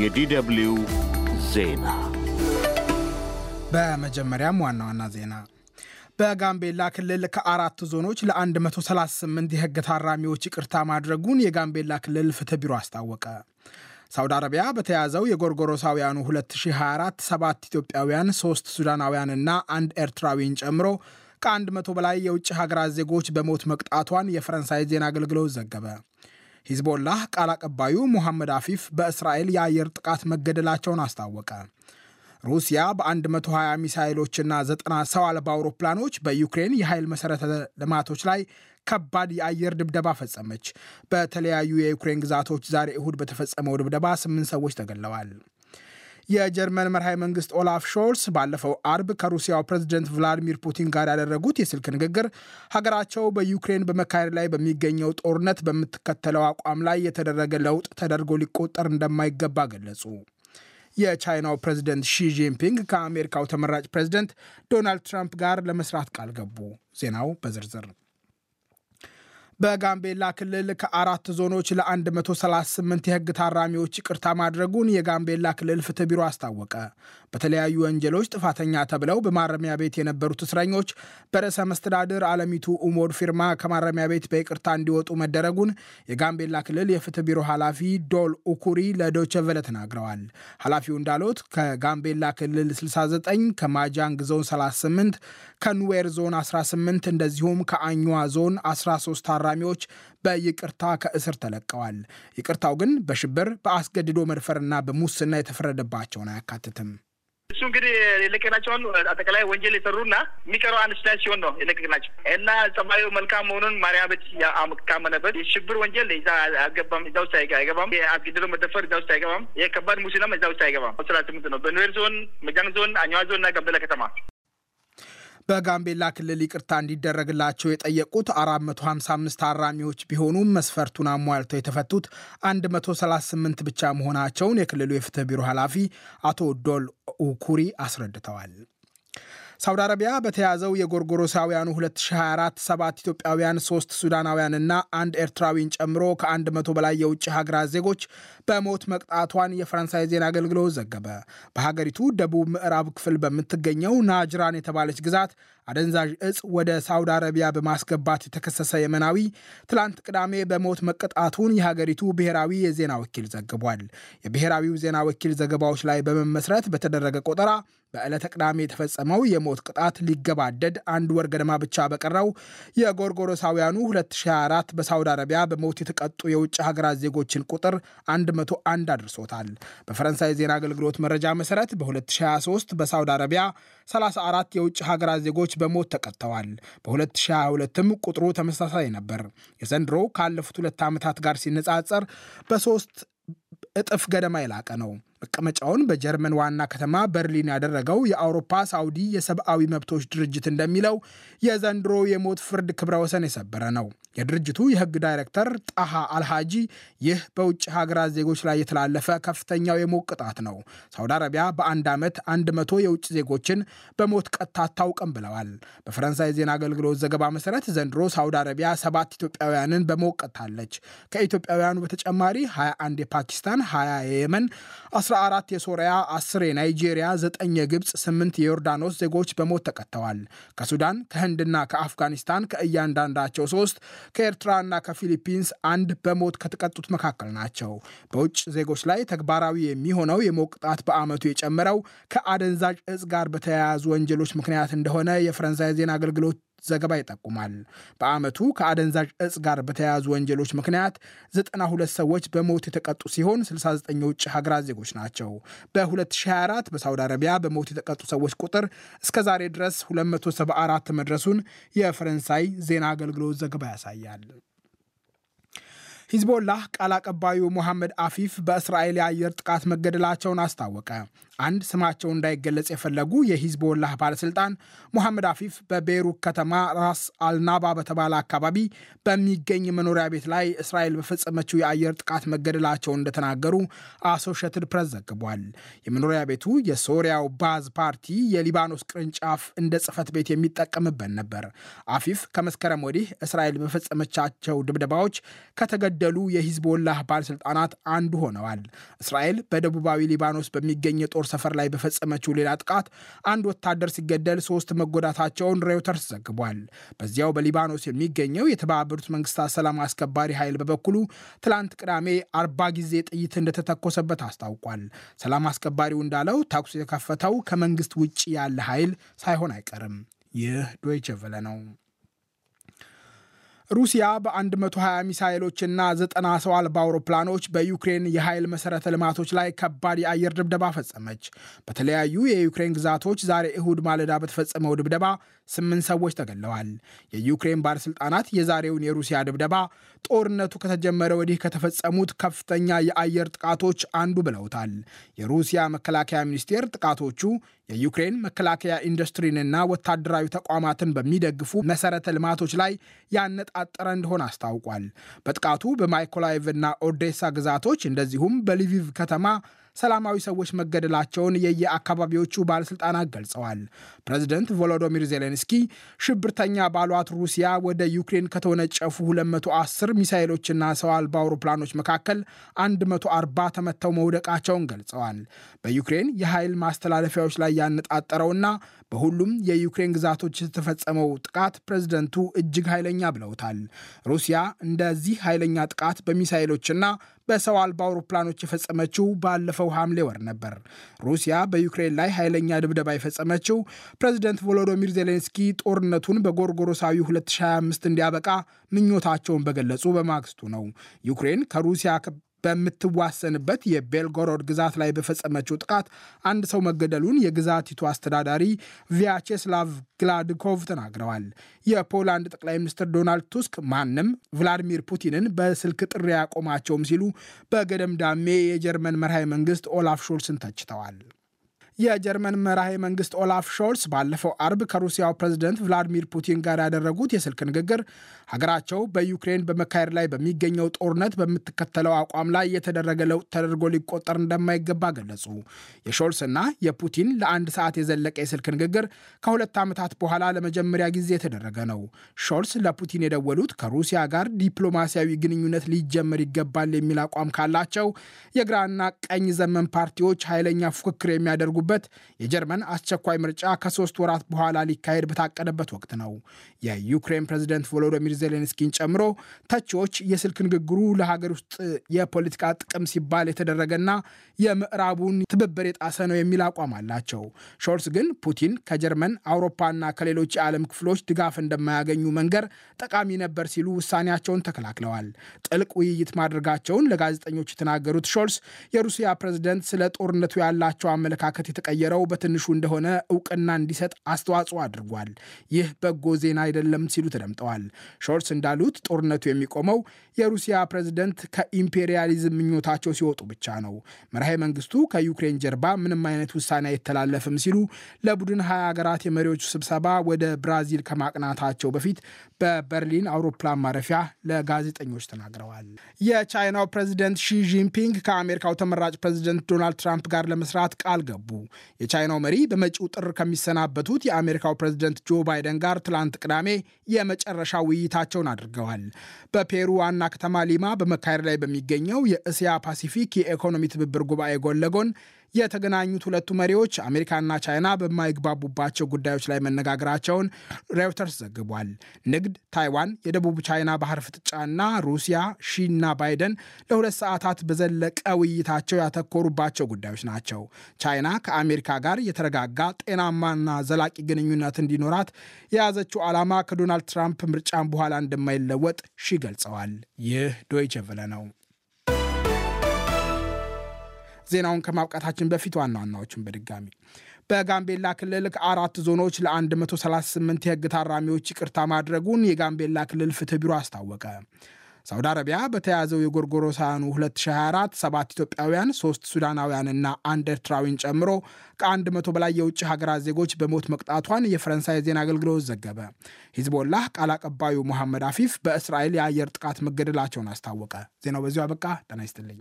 የዲደብልዩ ዜና በመጀመሪያም ዋና ዋና ዜና በጋምቤላ ክልል ከአራት ዞኖች ለ138 የህግ ታራሚዎች ይቅርታ ማድረጉን የጋምቤላ ክልል ፍትህ ቢሮ አስታወቀ። ሳውዲ አረቢያ በተያዘው የጎርጎሮሳውያኑ 2024 ሰባት ኢትዮጵያውያን፣ ሶስት ሱዳናውያንና አንድ ኤርትራዊን ጨምሮ ከአንድ መቶ በላይ የውጭ ሀገራት ዜጎች በሞት መቅጣቷን የፈረንሳይ ዜና አገልግሎት ዘገበ። ሂዝቦላህ ቃል አቀባዩ ሙሐመድ አፊፍ በእስራኤል የአየር ጥቃት መገደላቸውን አስታወቀ። ሩሲያ በ120 ሚሳይሎችና 90 ሰው አልባ አውሮፕላኖች በዩክሬን የኃይል መሠረተ ልማቶች ላይ ከባድ የአየር ድብደባ ፈጸመች። በተለያዩ የዩክሬን ግዛቶች ዛሬ እሁድ በተፈጸመው ድብደባ ስምንት ሰዎች ተገለዋል የጀርመን መርሃዊ መንግስት ኦላፍ ሾልስ ባለፈው አርብ ከሩሲያው ፕሬዝደንት ቭላዲሚር ፑቲን ጋር ያደረጉት የስልክ ንግግር ሀገራቸው በዩክሬን በመካሄድ ላይ በሚገኘው ጦርነት በምትከተለው አቋም ላይ የተደረገ ለውጥ ተደርጎ ሊቆጠር እንደማይገባ ገለጹ። የቻይናው ፕሬዝደንት ሺ ጂንፒንግ ከአሜሪካው ተመራጭ ፕሬዝደንት ዶናልድ ትራምፕ ጋር ለመስራት ቃል ገቡ። ዜናው በዝርዝር በጋምቤላ ክልል ከአራት ዞኖች ለ138 የህግ ታራሚዎች ይቅርታ ማድረጉን የጋምቤላ ክልል ፍትህ ቢሮ አስታወቀ። በተለያዩ ወንጀሎች ጥፋተኛ ተብለው በማረሚያ ቤት የነበሩት እስረኞች በርዕሰ መስተዳድር አለሚቱ ኡሞድ ፊርማ ከማረሚያ ቤት በይቅርታ እንዲወጡ መደረጉን የጋምቤላ ክልል የፍትህ ቢሮ ኃላፊ ዶል ኡኩሪ ለዶቸቨለ ተናግረዋል። ኃላፊው እንዳሉት ከጋምቤላ ክልል 69፣ ከማጃንግ ዞን 38፣ ከኑዌር ዞን 18 እንደዚሁም ከአኟ ዞን 13 አስፈራሚዎች በይቅርታ ከእስር ተለቀዋል። ይቅርታው ግን በሽብር በአስገድዶ መድፈርና በሙስና የተፈረደባቸውን አያካትትም። እሱ እንግዲህ የለቀቅናቸውን አጠቃላይ ወንጀል የሰሩና የሚቀረው አንድ ስዳ ሲሆን ነው የለቀቅናቸው እና ጸባዩ መልካም መሆኑን ማሪያ ቤት ካመነበት የሽብር ወንጀል እዛ አገባም እዛ ውስጥ አይገባም። የአስገድዶ መደፈር እዛ ውስጥ አይገባም። የከባድ ሙስናም እዛ ውስጥ አይገባም። ስራ ስምንት ነው በኑዌር ዞን፣ መጃንግ ዞን፣ አኛዋ ዞን እና ጋምቤላ ከተማ በጋምቤላ ክልል ይቅርታ እንዲደረግላቸው የጠየቁት 455 ታራሚዎች ቢሆኑም መስፈርቱን አሟልተው የተፈቱት 138 ብቻ መሆናቸውን የክልሉ የፍትህ ቢሮ ኃላፊ አቶ ዶል ኡኩሪ አስረድተዋል። ሳውዲ አረቢያ በተያዘው የጎርጎሮሳውያኑ 2024 ሰባት ኢትዮጵያውያን፣ ሶስት ሱዳናውያንና አንድ ኤርትራዊን ጨምሮ ከአንድ መቶ በላይ የውጭ ሀገራት ዜጎች በሞት መቅጣቷን የፈረንሳይ ዜና አገልግሎት ዘገበ። በሀገሪቱ ደቡብ ምዕራብ ክፍል በምትገኘው ናጅራን የተባለች ግዛት አደንዛዥ እጽ ወደ ሳውዲ አረቢያ በማስገባት የተከሰሰ የመናዊ ትላንት ቅዳሜ በሞት መቀጣቱን የሀገሪቱ ብሔራዊ የዜና ወኪል ዘግቧል። የብሔራዊው ዜና ወኪል ዘገባዎች ላይ በመመስረት በተደረገ ቆጠራ በዕለተ ቅዳሜ የተፈጸመው የሞት ቅጣት ሊገባደድ አንድ ወር ገደማ ብቻ በቀረው የጎርጎሮሳውያኑ 2024 በሳውዲ አረቢያ በሞት የተቀጡ የውጭ ሀገራት ዜጎችን ቁጥር 101 አድርሶታል። በፈረንሳይ ዜና አገልግሎት መረጃ መሰረት በ2023 በሳውዲ አረቢያ 34 የውጭ ሀገራት ዜጎች በሞት ተቀጥተዋል። በ2022ም ቁጥሩ ተመሳሳይ ነበር። የዘንድሮው ካለፉት ሁለት ዓመታት ጋር ሲነጻጸር በሶስት እጥፍ ገደማ የላቀ ነው። መቀመጫውን በጀርመን ዋና ከተማ በርሊን ያደረገው የአውሮፓ ሳውዲ የሰብአዊ መብቶች ድርጅት እንደሚለው የዘንድሮ የሞት ፍርድ ክብረ ወሰን የሰበረ ነው። የድርጅቱ የሕግ ዳይሬክተር ጣሃ አልሃጂ ይህ በውጭ ሀገራት ዜጎች ላይ የተላለፈ ከፍተኛው የሞት ቅጣት ነው፣ ሳውዲ አረቢያ በአንድ ዓመት አንድ መቶ የውጭ ዜጎችን በሞት ቀጥታ አታውቅም ብለዋል። በፈረንሳይ ዜና አገልግሎት ዘገባ መሰረት ዘንድሮ ሳውዲ አረቢያ ሰባት ኢትዮጵያውያንን በሞት ቀጥታለች። ከኢትዮጵያውያኑ በተጨማሪ 21 የፓኪስታን፣ 20 የየመን 14 የሶሪያ፣ 10 የናይጄሪያ፣ 9 የግብፅ፣ 8 የዮርዳኖስ ዜጎች በሞት ተቀጥተዋል። ከሱዳን፣ ከህንድና ከአፍጋኒስታን ከእያንዳንዳቸው ሶስት ከኤርትራና ከፊሊፒንስ አንድ በሞት ከተቀጡት መካከል ናቸው። በውጭ ዜጎች ላይ ተግባራዊ የሚሆነው የሞት ቅጣት በዓመቱ የጨመረው ከአደንዛዥ እጽ ጋር በተያያዙ ወንጀሎች ምክንያት እንደሆነ የፈረንሳይ ዜና አገልግሎት ዘገባ ይጠቁማል። በዓመቱ ከአደንዛዥ እጽ ጋር በተያያዙ ወንጀሎች ምክንያት 92 ሰዎች በሞት የተቀጡ ሲሆን 69 የውጭ ሀገራት ዜጎች ናቸው። በ2024 በሳውዲ አረቢያ በሞት የተቀጡ ሰዎች ቁጥር እስከ ዛሬ ድረስ 274 መድረሱን የፈረንሳይ ዜና አገልግሎት ዘገባ ያሳያል። ሂዝቦላህ ቃል አቀባዩ ሞሐመድ አፊፍ በእስራኤል የአየር ጥቃት መገደላቸውን አስታወቀ። አንድ ስማቸው እንዳይገለጽ የፈለጉ የሂዝቦላህ ባለስልጣን ሙሐመድ አፊፍ በቤይሩት ከተማ ራስ አልናባ በተባለ አካባቢ በሚገኝ መኖሪያ ቤት ላይ እስራኤል በፈጸመችው የአየር ጥቃት መገደላቸውን እንደተናገሩ አሶሽትድ ፕሬስ ዘግቧል። የመኖሪያ ቤቱ የሶሪያው ባዝ ፓርቲ የሊባኖስ ቅርንጫፍ እንደ ጽህፈት ቤት የሚጠቀምበት ነበር። አፊፍ ከመስከረም ወዲህ እስራኤል በፈጸመቻቸው ድብደባዎች ከተገደሉ የሂዝቦላህ ባለስልጣናት አንዱ ሆነዋል። እስራኤል በደቡባዊ ሊባኖስ በሚገኝ የጦር ጦር ሰፈር ላይ በፈጸመችው ሌላ ጥቃት አንድ ወታደር ሲገደል ሶስት መጎዳታቸውን ሬውተርስ ዘግቧል። በዚያው በሊባኖስ የሚገኘው የተባበሩት መንግስታት ሰላም አስከባሪ ኃይል በበኩሉ ትላንት ቅዳሜ አርባ ጊዜ ጥይት እንደተተኮሰበት አስታውቋል። ሰላም አስከባሪው እንዳለው ተኩስ የከፈተው ከመንግስት ውጭ ያለ ኃይል ሳይሆን አይቀርም። ይህ ዶይቸ ነው። ሩሲያ በ120 ሚሳይሎችና 90 ሰው አልባ አውሮፕላኖች በዩክሬን የኃይል መሠረተ ልማቶች ላይ ከባድ የአየር ድብደባ ፈጸመች። በተለያዩ የዩክሬን ግዛቶች ዛሬ እሁድ ማለዳ በተፈጸመው ድብደባ ስምንት ሰዎች ተገለዋል። የዩክሬን ባለሥልጣናት የዛሬውን የሩሲያ ድብደባ ጦርነቱ ከተጀመረ ወዲህ ከተፈጸሙት ከፍተኛ የአየር ጥቃቶች አንዱ ብለውታል። የሩሲያ መከላከያ ሚኒስቴር ጥቃቶቹ የዩክሬን መከላከያ ኢንዱስትሪንና ወታደራዊ ተቋማትን በሚደግፉ መሰረተ ልማቶች ላይ ያነጣጠረ እንደሆነ አስታውቋል። በጥቃቱ በማይኮላይቭ እና ኦዴሳ ግዛቶች እንደዚሁም በሊቪቭ ከተማ ሰላማዊ ሰዎች መገደላቸውን የየአካባቢዎቹ ባለስልጣናት ገልጸዋል። ፕሬዚደንት ቮሎዶሚር ዜሌንስኪ ሽብርተኛ ባሏት ሩሲያ ወደ ዩክሬን ከተወነጨፉ 210 ሚሳይሎችና ሰው አልባ አውሮፕላኖች መካከል 140 ተመተው መውደቃቸውን ገልጸዋል። በዩክሬን የኃይል ማስተላለፊያዎች ላይ ያነጣጠረውና በሁሉም የዩክሬን ግዛቶች የተፈጸመው ጥቃት ፕሬዝደንቱ እጅግ ኃይለኛ ብለውታል። ሩሲያ እንደዚህ ኃይለኛ ጥቃት በሚሳይሎችና በሰው አልባ አውሮፕላኖች የፈጸመችው ባለፈው ሐምሌ ወር ነበር። ሩሲያ በዩክሬን ላይ ኃይለኛ ድብደባ የፈጸመችው ፕሬዚደንት ቮሎዶሚር ዜሌንስኪ ጦርነቱን በጎርጎሮሳዊ 2025 እንዲያበቃ ምኞታቸውን በገለጹ በማግስቱ ነው። ዩክሬን ከሩሲያ በምትዋሰንበት የቤልጎሮድ ግዛት ላይ በፈጸመችው ጥቃት አንድ ሰው መገደሉን የግዛቲቱ አስተዳዳሪ ቪያቼስላቭ ግላድኮቭ ተናግረዋል። የፖላንድ ጠቅላይ ሚኒስትር ዶናልድ ቱስክ ማንም ቭላዲሚር ፑቲንን በስልክ ጥሪ አያቆማቸውም ሲሉ በገደምዳሜ የጀርመን መርሃዊ መንግስት ኦላፍ ሾልስን ተችተዋል። የጀርመን መራሄ መንግስት ኦላፍ ሾልስ ባለፈው አርብ ከሩሲያው ፕሬዝደንት ቭላዲሚር ፑቲን ጋር ያደረጉት የስልክ ንግግር ሀገራቸው በዩክሬን በመካሄድ ላይ በሚገኘው ጦርነት በምትከተለው አቋም ላይ የተደረገ ለውጥ ተደርጎ ሊቆጠር እንደማይገባ ገለጹ። የሾልስና የፑቲን ለአንድ ሰዓት የዘለቀ የስልክ ንግግር ከሁለት ዓመታት በኋላ ለመጀመሪያ ጊዜ የተደረገ ነው። ሾልስ ለፑቲን የደወሉት ከሩሲያ ጋር ዲፕሎማሲያዊ ግንኙነት ሊጀመር ይገባል የሚል አቋም ካላቸው የግራና ቀኝ ዘመን ፓርቲዎች ኃይለኛ ፉክክር የሚያደርጉ የተናገሩበት የጀርመን አስቸኳይ ምርጫ ከሶስት ወራት በኋላ ሊካሄድ በታቀደበት ወቅት ነው። የዩክሬን ፕሬዚደንት ቮሎዶሚር ዜሌንስኪን ጨምሮ ተቺዎች የስልክ ንግግሩ ለሀገር ውስጥ የፖለቲካ ጥቅም ሲባል የተደረገና የምዕራቡን ትብብር የጣሰ ነው የሚል አቋም አላቸው። ሾልስ ግን ፑቲን ከጀርመን አውሮፓና ከሌሎች የዓለም ክፍሎች ድጋፍ እንደማያገኙ መንገር ጠቃሚ ነበር ሲሉ ውሳኔያቸውን ተከላክለዋል። ጥልቅ ውይይት ማድረጋቸውን ለጋዜጠኞች የተናገሩት ሾልስ የሩሲያ ፕሬዝደንት ስለ ጦርነቱ ያላቸው አመለካከት የተቀየረው በትንሹ እንደሆነ እውቅና እንዲሰጥ አስተዋጽኦ አድርጓል። ይህ በጎ ዜና አይደለም ሲሉ ተደምጠዋል። ሾርስ እንዳሉት ጦርነቱ የሚቆመው የሩሲያ ፕሬዝደንት ከኢምፔሪያሊዝም ምኞታቸው ሲወጡ ብቻ ነው። መርሃ መንግስቱ ከዩክሬን ጀርባ ምንም አይነት ውሳኔ አይተላለፍም ሲሉ ለቡድን ሀያ ሀገራት የመሪዎቹ ስብሰባ ወደ ብራዚል ከማቅናታቸው በፊት በበርሊን አውሮፕላን ማረፊያ ለጋዜጠኞች ተናግረዋል። የቻይናው ፕሬዝደንት ሺ ጂንፒንግ ከአሜሪካው ተመራጭ ፕሬዝደንት ዶናልድ ትራምፕ ጋር ለመስራት ቃል ገቡ። የቻይናው መሪ በመጪው ጥር ከሚሰናበቱት የአሜሪካው ፕሬዝደንት ጆ ባይደን ጋር ትላንት ቅዳሜ የመጨረሻ ውይይታቸውን አድርገዋል። በፔሩ ዋና ከተማ ሊማ በመካሄድ ላይ በሚገኘው የእስያ ፓሲፊክ የኢኮኖሚ ትብብር ጉባኤ ጎን ለጎን የተገናኙት ሁለቱ መሪዎች አሜሪካና ቻይና በማይግባቡባቸው ጉዳዮች ላይ መነጋገራቸውን ሬውተርስ ዘግቧል። ንግድ፣ ታይዋን፣ የደቡብ ቻይና ባህር ፍጥጫና ሩሲያ ሺና ባይደን ለሁለት ሰዓታት በዘለቀ ውይይታቸው ያተኮሩባቸው ጉዳዮች ናቸው። ቻይና ከአሜሪካ ጋር የተረጋጋ ጤናማና ዘላቂ ግንኙነት እንዲኖራት የያዘችው ዓላማ ከዶናልድ ትራምፕ ምርጫን በኋላ እንደማይለወጥ ሺ ገልጸዋል። ይህ ዶይቸ ነው። ዜናውን ከማብቃታችን በፊት ዋና ዋናዎችን በድጋሚ በጋምቤላ ክልል ከአራት ዞኖች ለ138 የህግ ታራሚዎች ይቅርታ ማድረጉን የጋምቤላ ክልል ፍትህ ቢሮ አስታወቀ። ሳውዲ አረቢያ በተያዘው የጎርጎሮሳውያኑ 2024 ሰባት ኢትዮጵያውያን፣ ሶስት ሱዳናውያንና አንድ ኤርትራዊን ጨምሮ ከ100 በላይ የውጭ ሀገራት ዜጎች በሞት መቅጣቷን የፈረንሳይ ዜና አገልግሎት ዘገበ። ሂዝቦላህ ቃል አቀባዩ መሐመድ አፊፍ በእስራኤል የአየር ጥቃት መገደላቸውን አስታወቀ። ዜናው በዚሁ አበቃ። ጤና ይስጥልኝ።